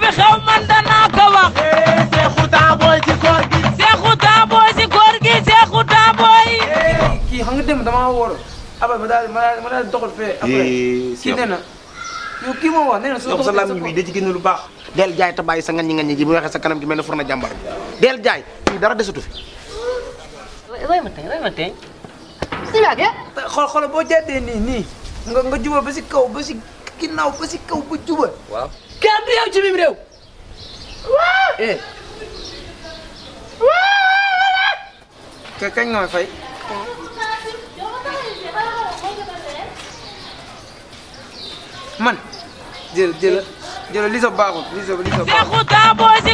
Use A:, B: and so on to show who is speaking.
A: fi xew man danaa ko wax. Eh, Seexu Taaboy
B: koor gi. Seexu Taaboy koor gi Seexu eh, kii xam nga dem damaa wóor abal ma daal ma daal si fee. après
C: eh, kii nee na
B: yow kii moo wax nee na su
C: da ci lu baax. del jaay te sa ngañ ngañ ji bu waxee sa kanam gi mel ne fur na jàmbar del jaay fii dara desatu fi.
D: way ma tey way ma tey. xool xool boo jàddee nii nii nga juba ba si kaw ba si si kaw ba juba. am réew ci mim réew.
E: eh. ka kañ ma fay. man. jël
A: jël jël li so baaxul li so li so baaxul.